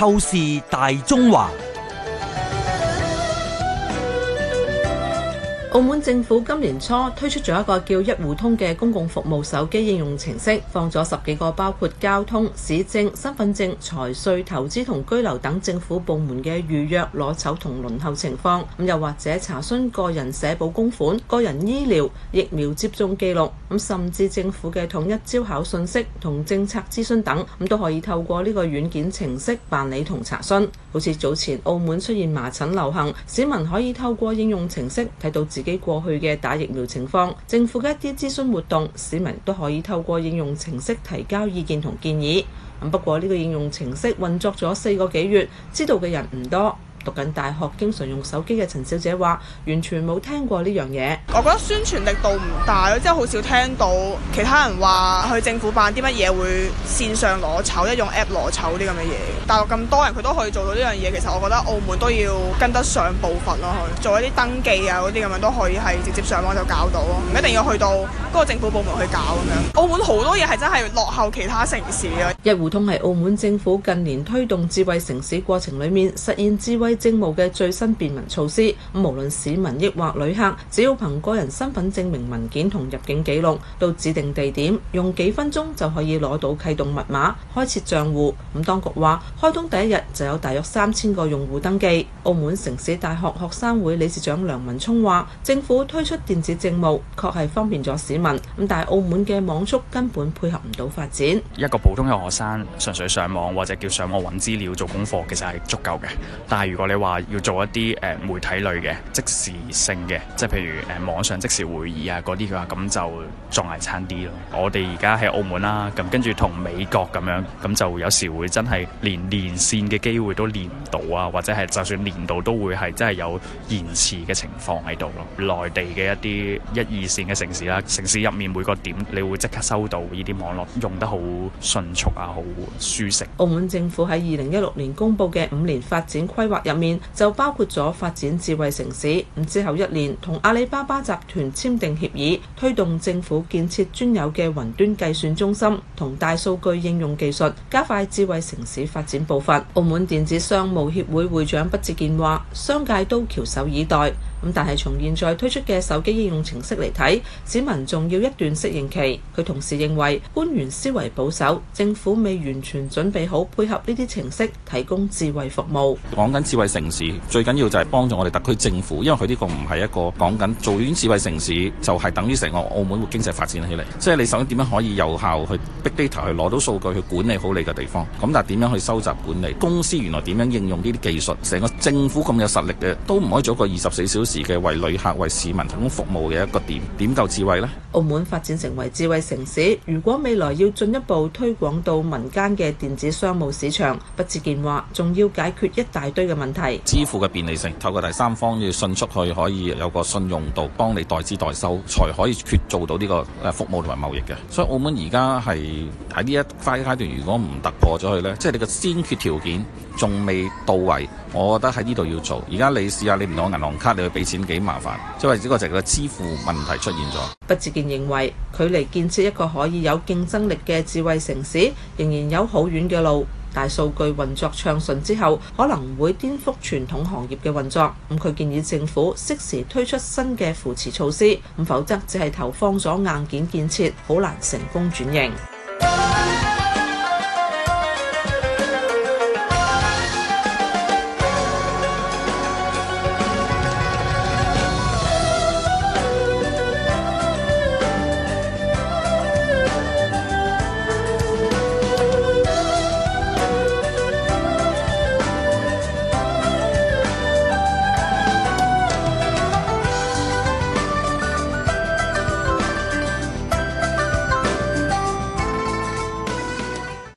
透視大中華。澳門政府今年初推出咗一個叫一戶通嘅公共服務手機應用程式，放咗十幾個包括交通、市政、身份證、財稅、投資同居留等政府部門嘅預約、攞籌同輪候情況。咁又或者查詢個人社保供款、個人醫療疫苗接種記錄，咁甚至政府嘅統一招考信息同政策諮詢等，咁都可以透過呢個軟件程式辦理同查詢。好似早前澳門出現麻疹流行，市民可以透過應用程式睇到自己過去嘅打疫苗情況，政府嘅一啲諮詢活動，市民都可以透過應用程式提交意見同建議。咁不過呢個應用程式運作咗四個幾月，知道嘅人唔多。讀緊大學，經常用手機嘅陳小姐話，完全冇聽過呢樣嘢。我覺得宣傳力度唔大咯，即係好少聽到其他人話去政府辦啲乜嘢會線上攞籌，即係用 A P P 攞籌啲咁嘅嘢。大陸咁多人，佢都可以做到呢樣嘢，其實我覺得澳門都要跟得上步伐咯，去做一啲登記啊嗰啲咁樣都可以係直接上網就搞到咯，唔一定要去到嗰個政府部門去搞咁樣。澳門好多嘢係真係落後其他城市嘅。一戶通係澳門政府近年推動智慧城市過程裡面實現智慧政務嘅最新便民措施，無論市民抑或旅客，只要憑個人身份證明文件同入境記錄到指定地點，用幾分鐘就可以攞到啟動密碼，開設賬戶。咁當局話，開通第一日就有大約三千個用戶登記。澳門城市大學學生會理事長梁文聰話，政府推出電子政務，確係方便咗市民。咁但係澳門嘅網速根本配合唔到發展。一個普通嘅學生，純粹上網或者叫上網搵資料做功課，其實係足夠嘅。但係你話要做一啲誒媒體類嘅即時性嘅，即係譬如誒網上即時會議啊嗰啲，佢話咁就仲係差啲咯。我哋而家喺澳門啦，咁跟住同美國咁樣，咁就有時會真係連連線嘅機會都連唔到啊，或者係就算連到都會係真係有延遲嘅情況喺度咯。內地嘅一啲一二線嘅城市啦，城市入面每個點你會即刻收到呢啲網絡用得好迅速啊，好舒適。澳門政府喺二零一六年公布嘅五年發展規劃入入面就包括咗發展智慧城市，咁之後一年同阿里巴巴集團簽訂協議，推動政府建設專有嘅雲端計算中心同大數據應用技術，加快智慧城市發展步伐。澳門電子商務協會會長畢志健話，商界都翹首以待。咁但係從現在推出嘅手機應用程式嚟睇，市民仲要一段適應期。佢同時認為官員思維保守，政府未完全準備好配合呢啲程式提供智慧服務。講緊智慧城市最緊要就係幫助我哋特區政府，因為佢呢個唔係一個講緊做緊智慧城市就係等於成個澳門會經濟發展起嚟。即係你首先點樣可以有效去 big data 去攞到數據去管理好你嘅地方。咁但係點樣去收集管理公司原來點樣應用呢啲技術？成個政府咁有實力嘅都唔可以做個二十四小時，嘅為旅客、為市民提供服務嘅一個，點點夠智慧咧？澳門發展成為智慧城市，如果未來要進一步推廣到民間嘅電子商務市場，不設電話仲要解決一大堆嘅問題。支付嘅便利性，透過第三方要迅速去可以有個信用度，幫你代資代收，才可以決做到呢個誒服務同埋貿易嘅。所以澳門而家係喺呢一塊階段，如果唔突破咗佢咧，即係你嘅先決條件仲未到位，我覺得喺呢度要做。而家你試下，你唔攞銀行卡，你去俾。俾錢幾麻煩，即係呢個就係個支付問題出現咗。畢志健認為距離建設一個可以有競爭力嘅智慧城市，仍然有好遠嘅路。大數據運作暢順之後，可能會顛覆傳統行業嘅運作。咁佢建議政府適時推出新嘅扶持措施，咁否則只係投放咗硬件建設，好難成功轉型。